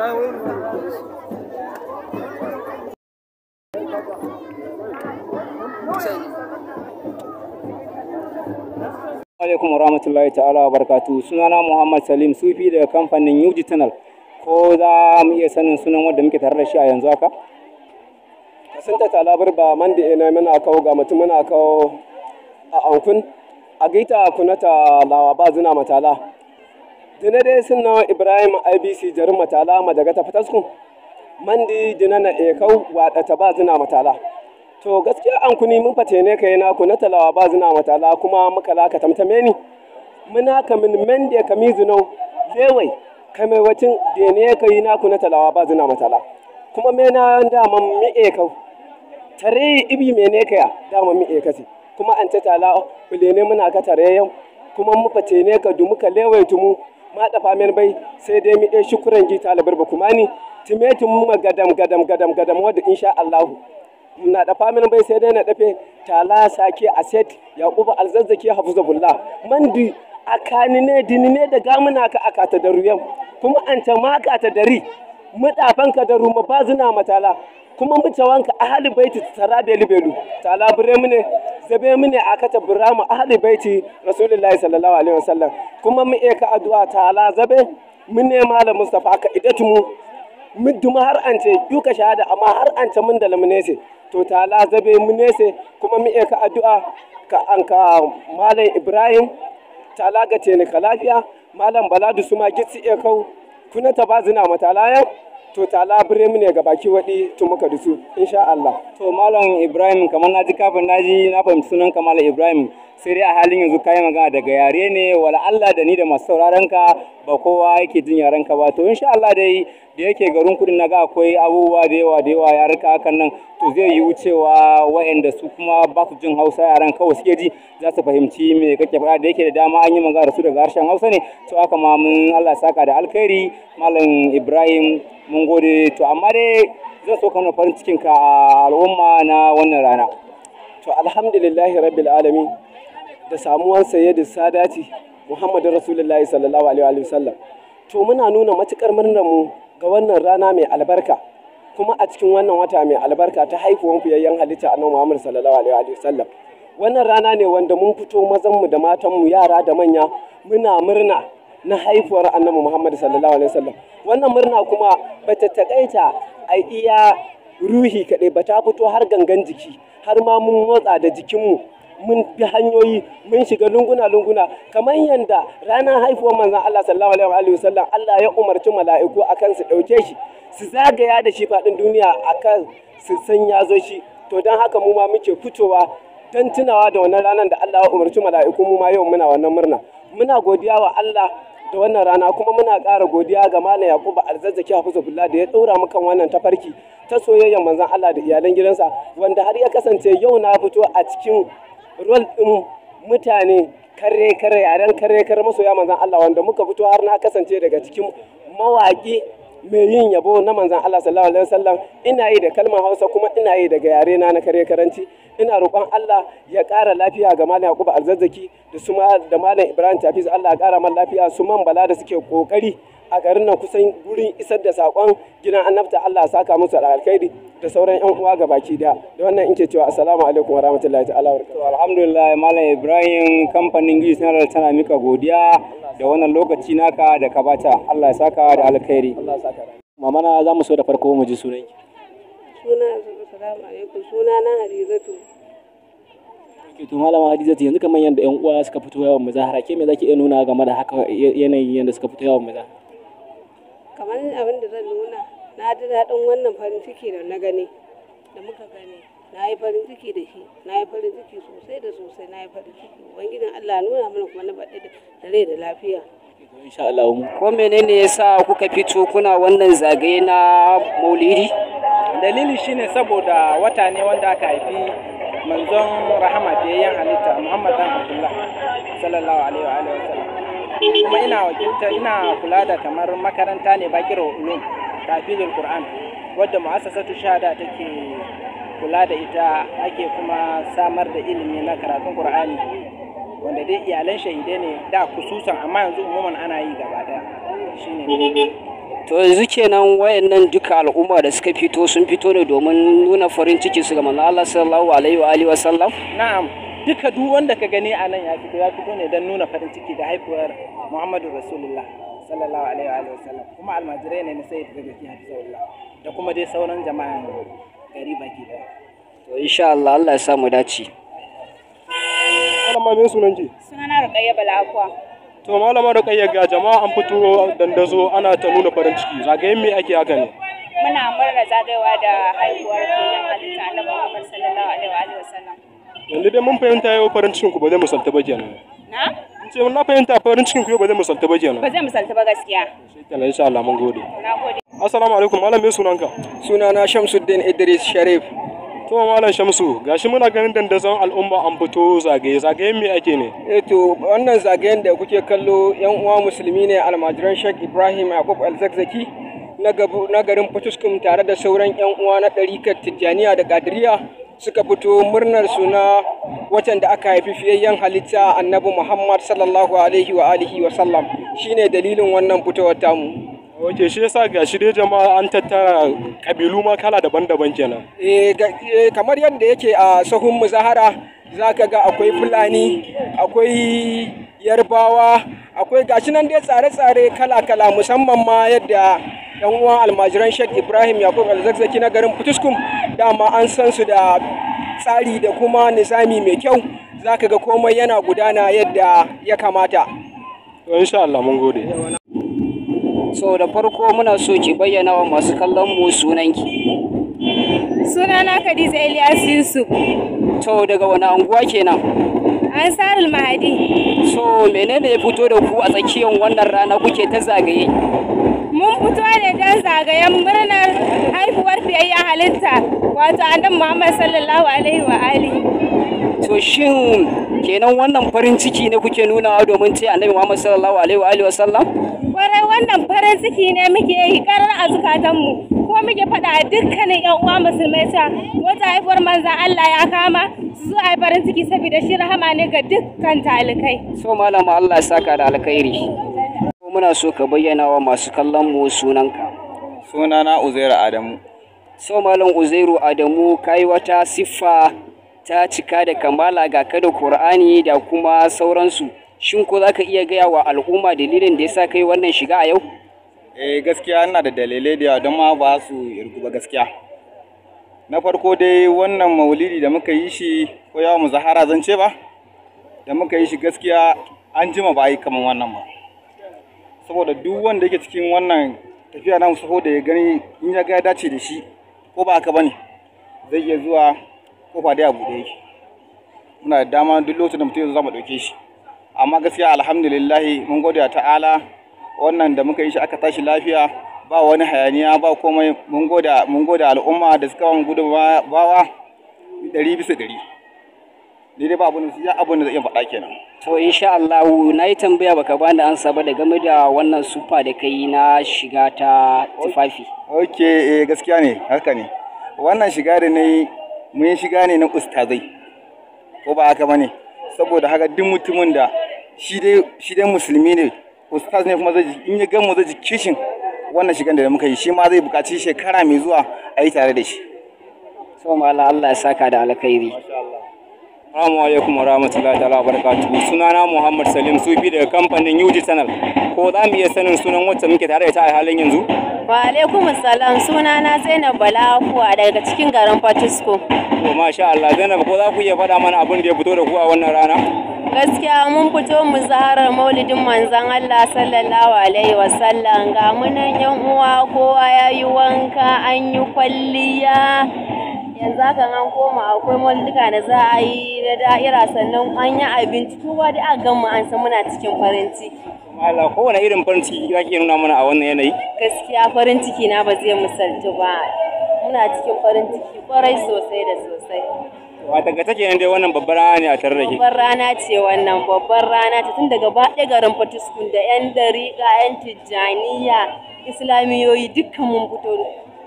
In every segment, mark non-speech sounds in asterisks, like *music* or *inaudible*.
alaikum warahmatullahi ta'ala barkatu sunana Muhammad Salim Sufi daga kamfanin new Tunnel ko za mu iya sanin sunan wanda muke tare da shi a yanzu haka sun ta talabar ba man da ina mana kawo ga mutum mana kawo a ankun a gaita kunata lawa ba zina matala dina dai sun nawa ibrahim ibc jarin matala madaga ta fatasku mandi dina na ekau wada ta ba zina matala to gaskiya an kuni mun fate ne kai na ku na talawa ba zina matala kuma muka laka tamtame ni muna kamin men da kami zino lewai kame wacin da ne kai na ku na talawa ba zina matala kuma me na dama mi ekau tare ibi me ne kaya dama mi ekasi kuma an ta tala oh, ne muna ka tare yau kuma mu fate ne ka du muka lewai tumu ma dafa men bai sai dai mi dai shukuran ji talibar ba kuma ni timetin mu gadam gadam gadam gadam wadda insha Allah na dafa men bai sai dai na dafe tala sake aset yaquba alzazzaki hafizullah mandi akani ne dinine da gamuna ka akata daruyam kuma anta ma ka ta dari muɗafanka da ruma ba zina matala kuma mutawanka ahli baiti tara da libelu tala bure mune zabe mune a buramu ahli baiti rasulullahi sallallahu alaihi wasallam kuma mu eka addu'a tala zabe mun ne malam mustafa ka idatu mu mun duma har an ce duka shahada amma har an ce mun da lamunese to tala zabe munese kuma mu eka addu'a ka anka malam ibrahim tala ga tene lafiya malam baladu suma gitsi ekau kuna ta mata matalayan to tala birem ne ga baki waɗi tun muka dusu insha Allah to malam Ibrahim kamar naji kafin naji na fahimci sunan kamar Ibrahim sai dai a halin yanzu kayan magana daga yare ne wala Allah da ni da masu sauraron ka ba kowa yake jin yaren ka ba to insha Allah dai da yake garin kudin naga akwai abubuwa da yawa da yawa yare ka hakan nan to zai yi wucewa waɗanda su kuma ba su jin Hausa yaren kawai suke ji za su fahimci me kake faɗa da yake da dama an yi magana da su daga harshen Hausa ne to haka ma mun Allah saka da alkhairi malam Ibrahim mun gode to amma dai zan so kana farin cikin ka a al'umma na wannan rana to alhamdulillahi rabbil alamin da samuwan sayyidin sadati muhammadu rasulullahi sallallahu alaihi wasallam to muna nuna matukar murnar mu ga wannan rana mai albarka kuma a cikin wannan wata mai albarka ta haifuwan fiyayyen halitta a nan Muhammadu sallallahu alaihi wasallam wannan rana ne wanda mun fito mazan mu da matan mu yara da manya muna murna na haifuwar annabi Muhammadu sallallahu alaihi wasallam wannan murna kuma bata takaita a iya ruhi kaɗai ba ta fito har gangan jiki har ma mun motsa da jikinmu mun bi hanyoyi mun shiga lunguna lunguna kamar yadda ranar haifuwar manzon Allah sallallahu alaihi wasallam Allah ya umarci mala'iku akan su dauke shi su zagaya da shi fadin duniya akan su san ya zo shi to don haka mu ma muke fitowa dan tunawa da wannan ranar da Allah ya umarci mala'iku mu ma yau muna wannan murna muna godiya wa Allah da wannan rana kuma muna ƙara godiya ga Malam Yakubu Arzazzaki Hafizullah da ya ɗora mu kan wannan tafarki ta soyayyar manzon Allah da iyalan gidansa wanda har ya kasance yau na fito a cikin rol ɗin mutane kare kare yaren kare kare masoya manzan Allah wanda muka fito har na kasance daga cikin mawaƙi mai yin yabo na manzan Allah sallallahu alaihi wasallam ina yi da kalmar Hausa kuma ina yi daga yare na na kare karanci ina roƙon Allah ya ƙara lafiya ga Malam Yakubu Alzazzaki da su da Malam Ibrahim Tafiz Allah ya ƙara man lafiya su man bala da suke ƙoƙari a garin nan kusan wurin isar da sakon gidan annabta Allah saka musu alkhairi da sauran yan uwa ga baki da da wannan in ke cewa assalamu alaikum wa rahmatullahi ta'ala wa alhamdulillah malam Ibrahim kamfanin Gis na tana mika godiya da wannan lokaci naka da ka bata Allah ya saka da alkhairi mama na za mu so da farko mu ji sunanki suna assalamu alaikum suna na Hadizatu ke to malama Hadizatu yanzu kamar yanda yan uwa suka fito yawan muzahara ke me zaki iya nuna game da haka yanayin yanda suka fito yawan muzahara kamar abin da zan nuna na ji daɗin wannan farin ciki da na gani da muka gani na yi farin ciki da shi na yi farin ciki sosai da sosai na yi farin ciki ubangijin allah nuna mana kuma na baɗi da rai da lafiya insha Allah ko menene yasa kuka fito kuna wannan zagaye na maulidi dalili shine saboda wata ne wanda aka haifi manzon rahama biyayyen halitta muhammadan abdullah sallallahu alaihi wa alihi kuma ina wakilta ina kula da kamar makaranta ne bakir ulum tafizul qur'an wadda mu'assasatu shahada take kula da ita ake kuma samar da ilimi na karatun qur'ani wanda dai iyalan shahidai ne da kususan amma yanzu umuman ana yi gaba shine to yanzu kenan wayannan duka al'umma da suka fito sun fito ne domin nuna farin ciki su ga manzo Allah sallallahu alaihi wa sallam na'am duka duk wanda ka gani a nan ya fito ya fito ne don nuna farin ciki da haifuwar muhammadu rasulullah sallallahu alaihi wa sallam kuma almajirai ne na sayyid zagaki Allah da kuma dai sauran jama'a gari baki daya to insha Allah Allah ya samu dace malama ne sunan ji sunana ruqayya balakwa to malama Rukayya, ga jama'a an fito dandazo ana ta nuna farin ciki zagayen me ake haka ne muna murna zagayewa da haihuwar kenan halitta annabi Muhammad sallallahu alaihi wa sallam yanzu dai mun fahimta yau farin cikin ku ba zai musalta ba kenan na ce mun na fahimta farin cikin ku yau ba zai musalta ba kenan ba zai musalta ba gaskiya shi kenan insha Allah mun gode assalamu alaikum malam me sunanka sunana Shamsuddin Idris Sharif to malam Shamsu gashi muna ganin dandazon al'umma an fito zagaye zagaye me ake ne eh to wannan zagayen da kuke kallo yan uwa musulmi ne almajiran Sheikh Ibrahim Yakub Al-Zakzaki na garin Fatuskum tare da sauran yan uwa na ɗarikar Tijjaniya da Gadiriya suka fito murnar suna watan da aka haifi fiyayyen halitta annabi Muhammad sallallahu alaihi wa alihi wa sallam shine dalilin wannan fitowar tamu. ok shi yasa ga shi dai jama'a an tattara kabilu ma kala daban-daban kenan eh, eh kamar yadda yake a sahun muzahara za ka ga akwai fulani akwai yarbawa akwai gashi nan dai tsare-tsare kala-kala musamman ma yadda yan uwan almajiran Sheikh Ibrahim Yakub Alzakzaki na garin Kutuskum dama an san su da tsari da kuma nizami mai kyau za ka ga komai yana gudana yadda ya kamata insha Allah mun gode So da farko muna so ki bayyana wa masu kallon mu sunanki. Sunana Khadija Ilyas Yusuf. To daga wani anguwa kenan? sarul Mahadi. So menene ya fito da ku a tsakiyar wannan rana kuke ta zagaye? Mun fito ne don zagayen murnar haihuwar fiyayyen halitta wato annabi Muhammad sallallahu alaihi wa alihi. To shin kenan wannan farin ciki ne kuke nunawa domin ce annabi Muhammad sallallahu alaihi wa alihi wasallam kwarai wannan farin ciki ne muke yi karar a zukatanmu ko muke faɗa a dukkanin yan uwa musulmai ta wata haifuwar manzan Allah ya kama su a farin ciki saboda shi rahama ne ga dukkan talikai so malama Allah ya saka da alkhairi muna so ka bayyana wa masu kallon mu sunanka sunana Uzairu Adamu so malam Uzairu Adamu kai wata siffa ta cika da kamala ga kada Kur'ani da kuma sauransu shin ko za ka iya gaya wa al'umma dalilin da ya sa kai wannan shiga a yau eh gaskiya ina da dalilai da don ma ba su irguba gaskiya na farko dai wannan maulidi da muka yi shi ko yawa mu zahara zan ce ba da muka yi shi gaskiya an jima ba a yi kamar wannan ba saboda duk wanda yake cikin wannan tafiya na musu da ya gani in ya ga ya dace da shi ko ba haka bane zai iya zuwa kofa dai a buɗe yake muna da dama duk lokacin da mutum yanzu za mu ɗauke shi amma gaskiya alhamdulillah mun gode ta'ala wannan da muka yi shi aka tashi lafiya ba wani hayaniya ba komai mun gode mun gode al'umma da suka wani bawa ɗari bisa ɗari daidai ba abin ya abin da zai iya faɗa kenan to insha Allah na yi tambaya baka bani ansa ba da game da wannan sufa da kai na shiga ta tufafi okay eh, gaskiya ne haka ne wannan shiga da yi. mun shiga ne na ustazai ko ba haka bane saboda haka duk mutumin da shi dai musulmi ne ustaz ne kuma zai in ya ga mu zai kishin wannan shigan da muka yi shi ma zai buƙaci shekara mai zuwa a yi tare da shi so mala Allah ya saka da alkhairi Assalamu alaikum wa rahmatullahi ta'ala wa barakatuhu sunana Muhammad Salim Sufi daga kamfanin Yuji Channel ko za mu iya sanin sunan wacce muke tare da ta a halin yanzu Wa alaikum salam suna na Zainab Balakuwa daga cikin garin Fatisko. To masha Allah Zainab ko za ku iya faɗa mana abin da ya fito da ku a wannan rana? Gaskiya mun fito mu zaharar maulidin manzon Allah sallallahu alaihi sallam. ga munan yan uwa kowa ya yi wanka an yi kwalliya yanzu haka an koma akwai maulidika da za a yi da da'ira sannan an yi abinci kowa da a gama an san muna cikin farin ciki. Allah kowane irin farin ciki za ki nuna mana a wannan yanayi? Gaskiya farin ciki na ba zai misaltu ba. Muna cikin farin ciki kwarai sosai da sosai. Wata daga take dai wannan babbar rana ne a tare da ke. Babbar rana ce wannan babbar rana ta tun daga baɗe garin Fatiskun da 'yan dariƙa 'yan tijjaniya islamiyoyi dukkan mun fito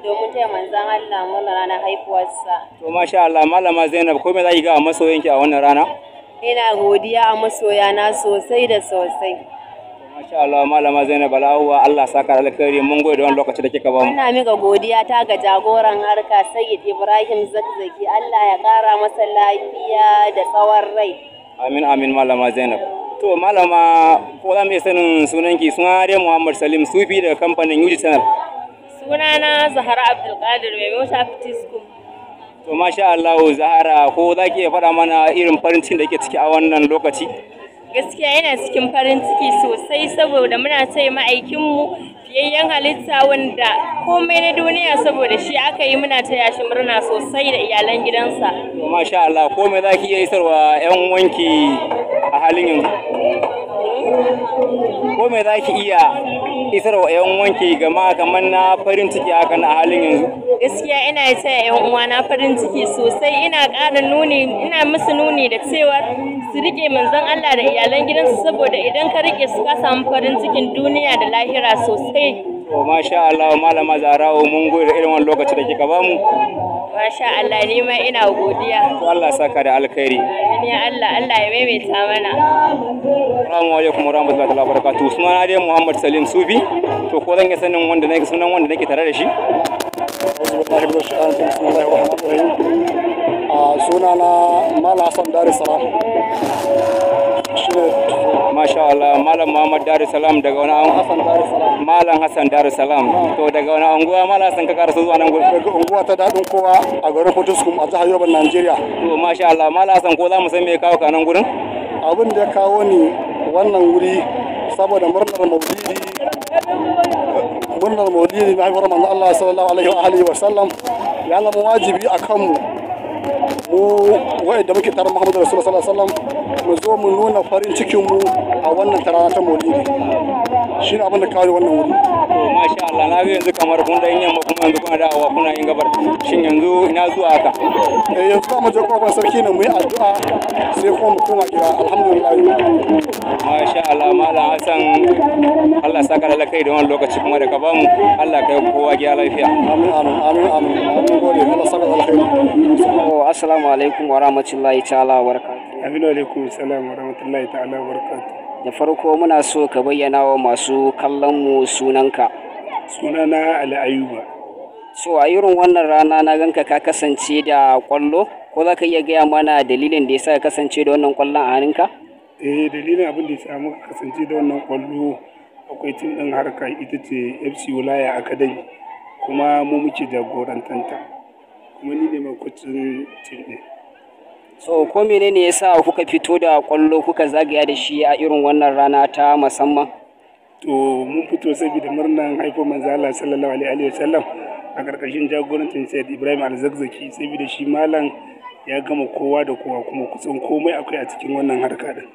domin taya manzan Allah mana ranar haifuwarsa. To masha Allah malama Zainab ko me za ki ga a masoyanki a wannan rana? Ina godiya a masoyana sosai da sosai. Masha Allah malama Zainab Balawa Allah saka alkhairi mun gode da wannan lokaci da kika ba mu. Ina mika godiya ta ga jagoran harka Sayyid Ibrahim Zakzaki Allah ya ƙara masa lafiya da tsawon rai. Amin amin malama Zainab. To malama ko za mu iya sanin sunanki suna Maryam Muhammad Salim Sufi daga kamfanin Yuji Channel. Sunana Zahara Abdulkadir mai mota School. To masha Allah Zahara ko za ki iya faɗa mana irin farin cikin da ke ciki a wannan lokaci? gaskiya yana cikin farin ciki sosai saboda muna ce ma'aikinmu fiyayyen halitta wanda komai na duniya saboda shi aka yi muna taya shi murna sosai da iyalan gidansa. Masha Allah komai za ki iya isarwa 'yan wanki a halin yanzu. Komai za ki iya isarwa 'yan wanki gama kamar na farin ciki hakan a halin yanzu. Gaskiya ina taya 'yan uwa na farin ciki sosai ina ƙara nuni ina musu nuni da cewa su rike manzon Allah da iyalan gidansu saboda idan ka rike su ka samu farin cikin duniya da lahira sosai to masha Allah malama Zarawo oh, mun gode da irin wannan lokaci da kika bamu masha Allah ni ma ina godiya to Allah saka da alkhairi amin ya Allah Allah ya maimaita mana assalamu alaikum warahmatullahi wabarakatuh sunana dai Muhammad Salim Sufi to ko zan iya sanin wanda nake sunan wanda nake tare da shi suna na mala hassan darussalam masha Allah malam Muhammad Darussalam daga wani an malam Hassan Darussalam to daga wani anguwa malam Hassan ka karasu zuwa nan gurin daga unguwa ta dadin kowa a garin Potiskum a jihar Yobe Najeriya to masha Allah malam Hassan ko za mu san me ya kawo ka nan gurin abin da ya kawo ni wannan wuri saboda murnar maulidi murnar maulidi na haihuwar manzo Allah sallallahu alaihi wa alihi wa sallam ya wajibi a kanmu mu wai da muke tare Muhammadu Rasulullahi sallallahu alaihi wasallam mu zo mu nuna farin cikin mu a wannan tarawa ta Maulidi shi ne abin da kawo wannan wuri masha Allah na ga yanzu kamar kun da yamma kuma yanzu kuna dawowa kuna yin gabar shin yanzu ina zuwa haka eh yanzu ba mu je kofar sarki ne mu yi addu'a sai kuma mu koma gida alhamdulillah masha Allah mallam Hassan Allah saka da kai da wannan lokaci kuma da ka ba mu Allah kai kowa gida lafiya amin amin amin amin gode Allah saka da kai assalamu alaikum wa rahmatullahi ta'ala wa barakatuh alaikum salam wa rahmatullahi ta'ala wa barakatuh da farko muna so ka bayyana wa masu kallon mu sunanka sunana ali ayuba so a irin wannan rana na ganka ka kasance da kwallo ko za ka iya gaya mana dalilin da ya sa ka kasance da wannan kwallon a hannunka eh dalilin abin da ya sa muka kasance da wannan kwallo akwai tun din harka ita ce fc wilaya academy kuma mu muke jagorantanta wani ni ne ma So ko menene ya sa kuka fito da kwallo kuka zagaya da shi a irin wannan rana ta musamman? To mun fito saboda murnan haifo manzo Allah sallallahu alaihi wa a ƙarƙashin jagorancin Sayyid Ibrahim Al-Zakzaki saboda shi malam ya gama kowa da kowa kuma kusan komai akwai a cikin wannan harka din.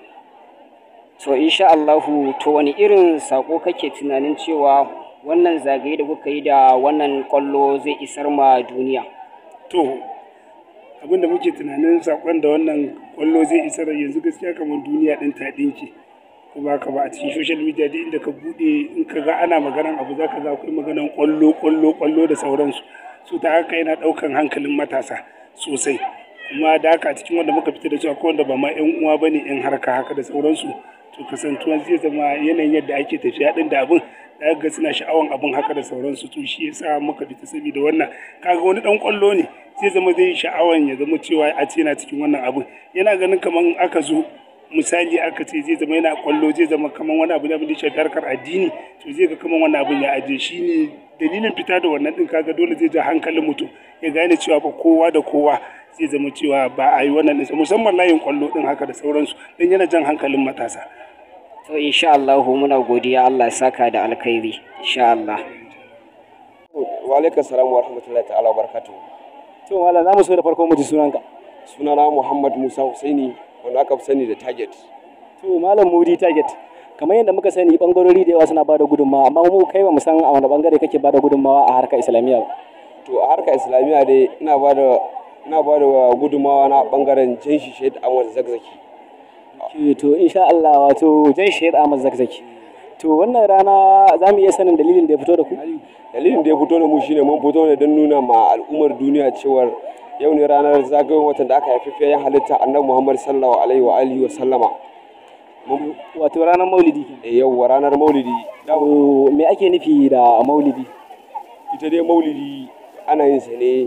So insha Allahu to wani irin sako kake tunanin cewa wannan zagaye da kuka yi da wannan kwallo zai isar ma duniya? to abinda muke tunanin sakon da wannan kwallo zai isa da yanzu gaskiya kamar duniya din ta dinki ko ba ka ba a cikin social media da inda ka bude in ka ga ana maganan abu za ka za akwai maganan kwallo kwallo kwallo da sauransu su ta haka yana daukan hankalin matasa sosai kuma da haka a cikin wanda muka fita da su akwai wanda ba ma yan uwa bane yan harka haka da sauransu to kasantuwa zai zama yanayin yadda ake tafiya din da abin da ga suna sha'awan abin haka da sauransu to shi yasa muka bi ta saboda wannan kaga wani dan kwallo ne sai zama zai sha'awan ya zama cewa a ce yana cikin wannan abin yana ganin kaman aka zo misali aka ce zai zama yana kwallo zai zama kaman wani abu da abin shafi addini to zai ga kaman wani abin ya aje shi ne dalilin fita da wannan din kaga dole zai ja hankalin mutum ya gane cewa ba kowa da kowa zai zama cewa ba a yi wannan musamman layin kwallo din haka da sauransu dan yana jan hankalin matasa to insha Allah muna godiya Allah ya saka da alkhairi insha Allah wa alaikum salam wa rahmatullahi ta'ala wa barakatuh to wala zamu so da farko mu ji sunanka sunana Muhammad Musa Husaini wanda aka fi sani da target to malam Mudi target kamar yadda muka sani bangarori da yawa suna bada gudunmawa amma mu kai ba mu san a wani bangare kake bada gudunmawa a harkar islamiyya to a harkar islamiyya dai ina bada ina bada gudunmawa na bangaren jinshi shaid Ahmad Zakzaki to insha Allah wato jan shehir Ahmad Zakzaki to wannan rana za mu iya sanin dalilin da ya fito da ku dalilin da ya fito da mu shine mun fito ne don nuna ma al'ummar duniya cewar yau ne ranar zagayen watan da aka haifi fiyayen halitta annabi Muhammad sallallahu alaihi wa alihi wa sallama wato ranar maulidi eh yau ranar maulidi me ake nufi da maulidi ita dai maulidi ana yin sa ne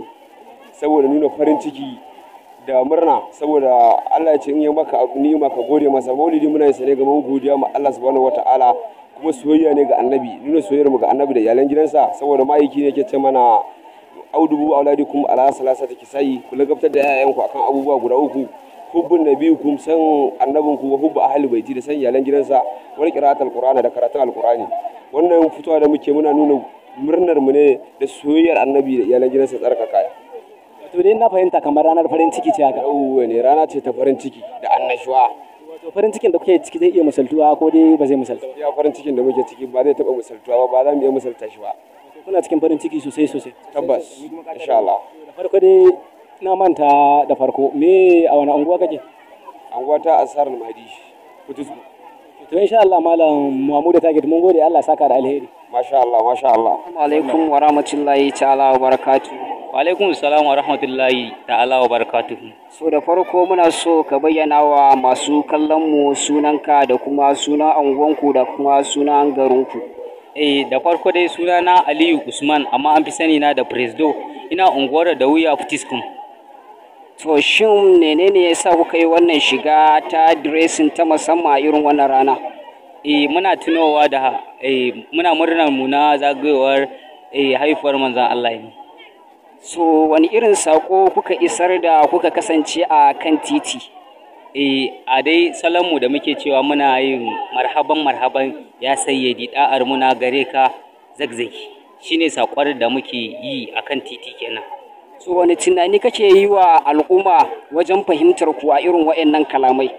saboda nuna farin ciki da murna saboda Allah ya ce in yi maka abu ni maka gode masa maulidi muna yi sa ne ga godiya ma Allah subhanahu wataala kuma soyayya ne ga annabi nuna soyayyar mu ga annabi da iyalan gidansa saboda ma'aiki ne yake ce mana audubu auladikum ala salasati kisayi ku lagabtar da yayanku akan abubuwa guda uku hubbun kum san annabinku ku hubbu ahli baiti da san iyalan gidansa wal qira'atul qur'ana da karatun alqur'ani wannan fitowa da muke muna nuna murnar mu ne da soyayyar annabi da iyalan gidansa tsarkaka to dai na fahimta kamar ranar farin ciki ce haka uwe ne rana ce ta farin ciki da annashuwa wato farin cikin da kuke ciki zai iya misaltuwa ko dai ba zai misalta ya farin cikin da muke ciki ba zai taba misaltuwa ba ba za mu iya misalta shi ba kuna cikin farin ciki sosai sosai tabbas insha Allah da farko dai na manta da farko me a wani anguwa kake anguwa ta asar mahdi kutus to insha Allah malam Muhammadu Tagid mun gode Allah saka da alheri masha Allah masha Allah assalamu alaikum wa rahmatullahi ta'ala wa barakatuh wa alaikum assalam wa rahmatullahi ta'ala wa barakatuh so da farko muna so ka bayyana wa masu kallon mu sunanka da kuma sunan anguwanku da kuma sunan garinku eh da farko dai sunana Aliyu Usman amma an fi sani na da Presdo ina unguwar da wuya Futiskum to shin menene yasa kuka yi wannan shiga ta dressing ta musamman a irin wannan rana eh muna tunowa da eh, muna murna muna zagayowar e haifuwar manzan Allah ne so wani irin sako kuka isar da kuka kasance a kan titi e, a dai salonmu da muke cewa muna yin marhaban marhaban ya sayyadi da'ar muna gare ka zagzagi shine sakwar da muke yi a kan titi kenan so wani tunani kake yi wa al'umma wajen fahimtar kuwa irin waɗannan kalamai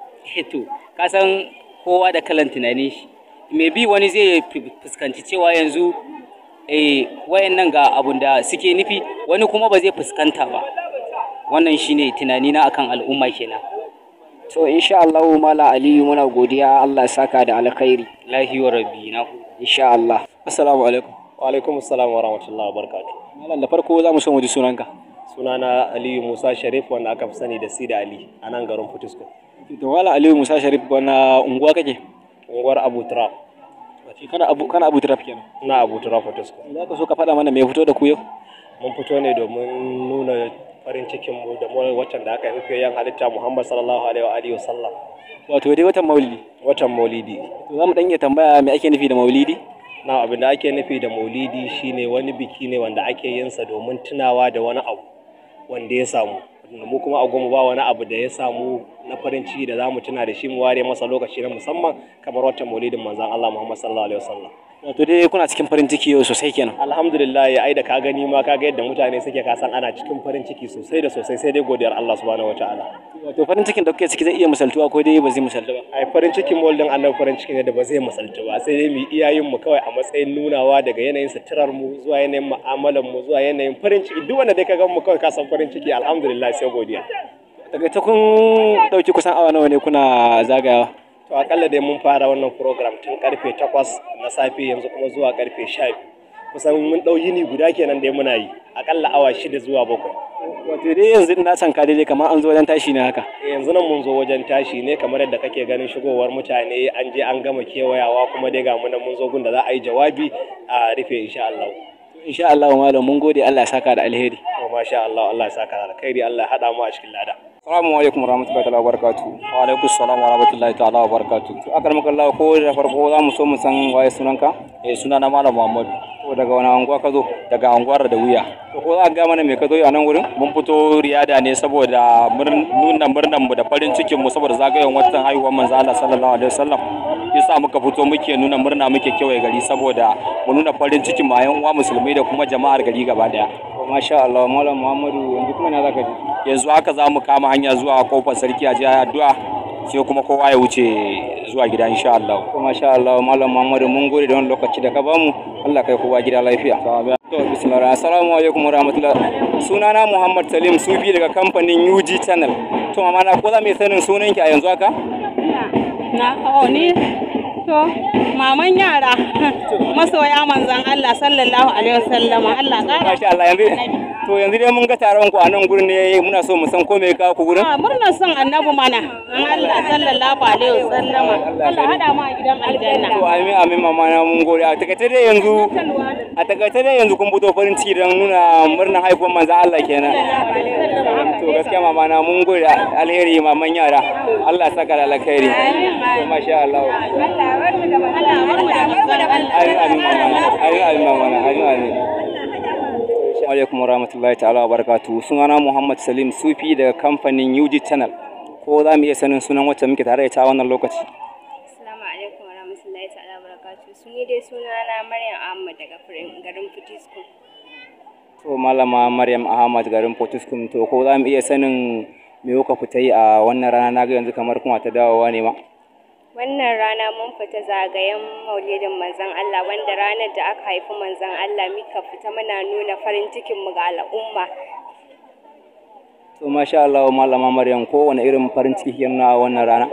*laughs* to kasan kowa da kalan tunanin shi me bi wani zai fuskanci cewa yanzu wayan eh, wayannan ga abun da suke nufi wani kuma ba zai fuskanta ba wannan shine tunani na akan al'umma kenan to insha Allah mala aliyu muna godiya Allah saka da alkhairi lahi wa rabbi na insha Allah assalamu alaikum wa alaikum assalam wa rahmatullahi wa barakatuh malam da farko za mu so mu ji sunanka sunana Aliyu Musa Sharif wanda aka fi sani da Sida Ali a nan garin Futisko to wala aliyu musa sharif wani unguwa kake unguwar abu turaf kana abu kana abu turaf kenan na abu turaf fotosko za ka so ka faɗa mana me fito da ku yau mun fito ne domin nuna farin cikin mu da watan da aka haifi yan halitta muhammad sallallahu alaihi wa alihi wasallam wato dai watan maulidi watan maulidi to za mu dan iya tambaya me ake nufi da maulidi na abin da ake nufi da maulidi shine wani biki ne wanda ake yin sa domin tunawa da wani abu wanda ya samu mu kuma a goma ba wani abu da ya samu na farin ciki da zamu tuna da shi mu ware masa lokaci na musamman kamar wata maulidin manzon Allah Muhammad sallallahu alaihi wasallam to dai kuna cikin farin ciki yau sosai kenan alhamdulillah ai da ka gani ma ka ga yadda mutane suke kasan ana cikin farin ciki sosai da sosai sai dai godiyar Allah subhanahu wataala to farin cikin da kuke ciki zai iya misaltuwa ko dai ba zai misaltu ba ai farin cikin maulidin Allah farin ciki ne da ba zai misaltu ba sai dai mu iyayen mu kawai a matsayin nunawa daga yanayin suturar mu zuwa yanayin mu'amalar mu zuwa yanayin farin ciki duk wanda dai ka ga mu kawai san farin ciki alhamdulillah sai godiya Daga kun ɗauki kusan awa nawa ne kuna zagayawa to akalla dai mun fara wannan program tun karfe 8 na safe yanzu kuma zuwa karfe 12 kusan mun ɗau yini guda kenan dai muna yi akalla awa 6 zuwa 7 wato dai yanzu na san ka dai kamar an zo wajen tashi ne haka eh, yanzu nan mun zo wajen tashi ne kamar yadda kake ganin shigowar mutane an je an gama kewayawa kuma dai ga mu nan mun zo gun da za a yi jawabi a rufe insha Allah insha Allah malam mun gode Allah ya saka da alheri to masha Allah Allah ya saka da alheri Allah ya hada mu a cikin lada Assalamu alaikum warahmatullahi ta'ala wabarakatuh. Wa alaikum assalam warahmatullahi ta'ala wabarakatuh. Akar maka ko da farko za mu so mu san waye sunanka? Eh suna na Malam Muhammadu. Ko daga wani anguwa ka zo? Daga anguwar da wuya. To ko za ka ga mana me ka zo a nan wurin? Mun fito riyada ne saboda nuna murnan mu da farin cikin mu saboda zagayen watan haihuwar manzo Allah sallallahu alaihi wasallam. Yasa muka fito muke nuna murna muke kewaye gari saboda mu nuna farin cikin ma yan uwa musulmai da kuma jama'ar gari gaba daya. Masha Allah Malam Muhammadu yanzu kuma na zaka ji? yanzu haka za mu kama hanya zuwa kofar sarki a jiya addu'a sai kuma kowa ya wuce zuwa gida insha Allah kuma insha Allah mallam Muhammadu mun gode da wannan lokaci da ka bamu Allah kai kowa gida lafiya to bismillah assalamu alaikum wa rahmatullah sunana Muhammad Salim Sufi daga kamfanin UG channel to mama na ko za mu sanin sunan ki a yanzu haka na oh ni to maman yara *laughs* masoya manzon Allah sallallahu alaihi wasallama Allah kara masha Allah yanzu To yanzu dai mun ga taron ku a nan gurin ne muna so mu san ko me ka ku gurin? Ah murna son Annabi mana. Allah sallallahu alaihi wasallama. Allah hada mu a gidan aljanna. To amin amin mama na mun gode. A takaice dai yanzu a takaice dai yanzu kun fito farin ciki don nuna murnar haifuwar manzo Allah kenan. To gaskiya mama na mun gode alheri maman yara. Allah saka da alkhairi. To masha Allah. Allah barmu da Allah barmu da Allah. Amin amin mama Amin mama Amin amin. alaikum warahmatullahi ta'ala wa barakatu sunana Muhammad Salim Sufi daga kamfanin UG Channel ko za mu iya sanin sunan wacce muke tare da ita wannan lokaci Assalamu alaikum warahmatullahi ta'ala wa barakatu suni dai sunana Maryam Ahmad daga garin Potiskum To malama Maryam Ahmad garin Potiskum to ko za mu iya sanin me kuka fita yi a wannan rana na ga yanzu kamar kuma ta dawowa ne ma Wannan rana mun fita zagayen Maulidin Manzon Allah wanda ranar da aka haifi Manzon Allah muka fita muna nuna farin mu ga al'umma. To masha Allah malama Maryam ko wani irin farin ciki kike nuna wannan rana?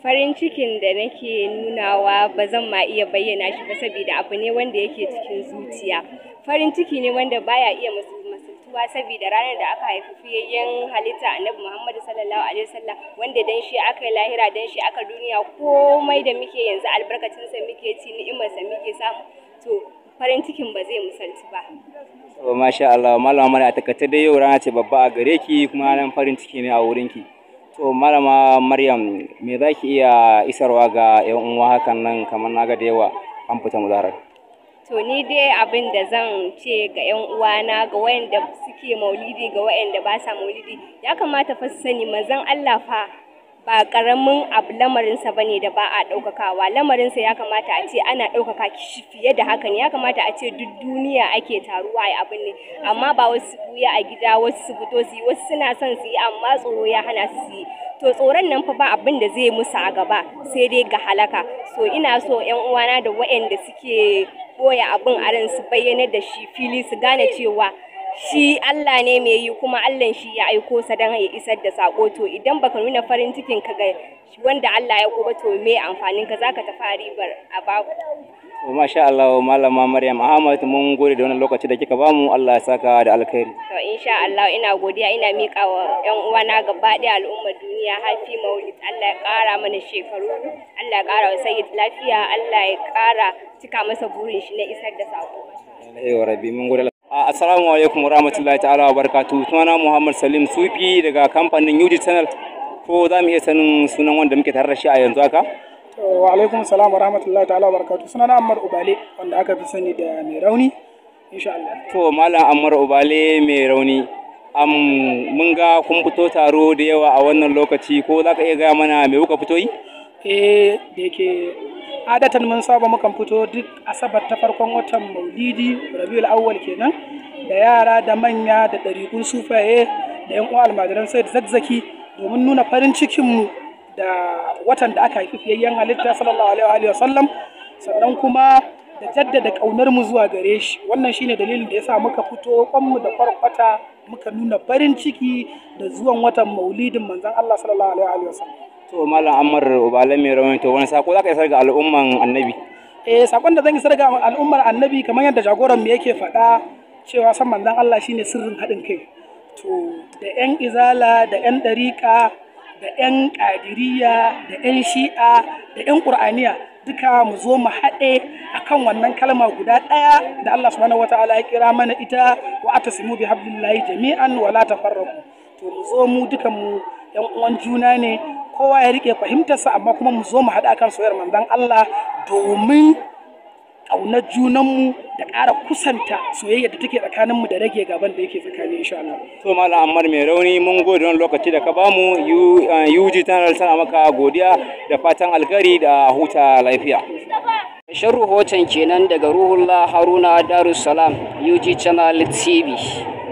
Farin cikin da nake nunawa ba zan ma iya bayyana shi ba saboda abu ne wanda yake cikin zuciya. Farin ciki ne wanda baya iya musu kuma saboda ranar da aka haifi fiyayyen halitta annabi muhammad sallallahu alaihi wasallam wanda dan shi aka lahira dan shi aka duniya komai da muke yanzu albarkacin sa muke ci ni'imar sa muke samu to farin cikin ba zai misalci ba to masha Allah malama Maryam takatta dai yau rana ce babba a gare ki kuma nan farin ciki ne a wurin ki to malama Maryam me zaki iya isarwa ga yan uwa hakan nan kamar naga da yawa an fita muzarar to ni dai abin da zan ce ga 'yan uwana ga wayanda suke maulidi ga wayanda ba sa maulidi ya kamata fa su sani manzon Allah fa ba karamin abu lamarinsa ba ne da ba a ɗaukakawa lamarinsa ya kamata a ce ana ɗaukaka shi fiye da haka ne ya kamata a ce duk duniya ake taruwa a abin ne amma ba wasu buya a gida wasu su fito su yi wasu suna son su yi amma tsoro ya hana su yi to tsoron nan fa ba abin da zai musu a gaba sai dai ga halaka so ina so 'yan uwana da waɗanda suke ɓoye abin aran su bayyana da shi fili su gane cewa shi Allah ne mai yi kuma Allah shi ya aiko sa don ya isar da sako to idan baka nuna farin cikin ka ga wanda Allah ya ko ba to me amfanin ka zaka tafi ribar a babu Oh, masha Allah oh, malama Maryam Ahmad mun gode da wannan lokaci da kika bamu Allah ya saka da alkhairi. To insha Allah ina godiya ina mika wa ƴan uwana gaba da al'ummar duniya hafi maulid Allah ya ƙara mana shekaru Allah ya ƙara wa sayyid lafiya Allah ya ƙara cika masa burin shi na isar da sako. Alaihi rabbi mun gode ah, Assalamu alaikum wa rahmatullahi ta'ala wa barakatuh. Sunana Muhammad Salim Sufi daga kamfanin Yudi Channel. Ko za mu iya sanin sunan wanda muke tare da shi a yanzu haka? wa alaikum salam wa rahmatullahi ta'ala barakatu suna na ammar ubale wanda aka fi sani da mai rauni insha Allah to malam ammar ubale mai rauni mun ga kun fito taro da yawa a wannan lokaci ko za ka iya gaya mana me kuka fito yi eh da yake adatan mun saba mukan fito duk asabar ta farkon watan maulidi rabiul awwal kenan da yara da manya da ɗariƙun sufaye da yan uwa almajiran sai da zazzaki domin nuna farin cikin mu da watan da aka haifi fiyayyen halitta sallallahu alaihi wa sallam sannan kuma da jaddada kaunar mu zuwa gare shi wannan shine dalilin da yasa muka fito kwanmu da kwarkwata muka nuna farin ciki da zuwan watan maulidin manzon Allah sallallahu alaihi wa sallam to malam Ammar Ubala mai to wani sako zaka isar ga al'umman Annabi eh sakon da zan isar ga al'ummar Annabi kamar yadda jagoran mu yake faɗa cewa san manzon Allah shine sirrin haɗin kai to da 'yan izala da 'yan ɗariƙa da 'yan ƙadiriya da 'yan shi'a da 'yan ƙur'aniya duka mu zo mu haɗe kan wannan kalma guda ɗaya da Allah subhanahu ala ya kira mana ita wa atasimu bi hablillahi jami'an wa la tafarraqu to mu zo mu duka mu ƴan uwan juna ne kowa ya rike fahimtarsa amma kuma mu zo mu haɗa kan soyayyar manzon Allah domin ƙaunar junanmu da ƙara kusanta soyayya da take tsakaninmu da rage gaban da yake tsakanin insha Allah. To Malam Ammar mai rauni mun gode wani lokaci da ka bamu UG Tunnel uh, tana maka godiya da fatan alkari da huta lafiya. Sharru hoton kenan daga Ruhullah Haruna Darussalam UG Channel TV.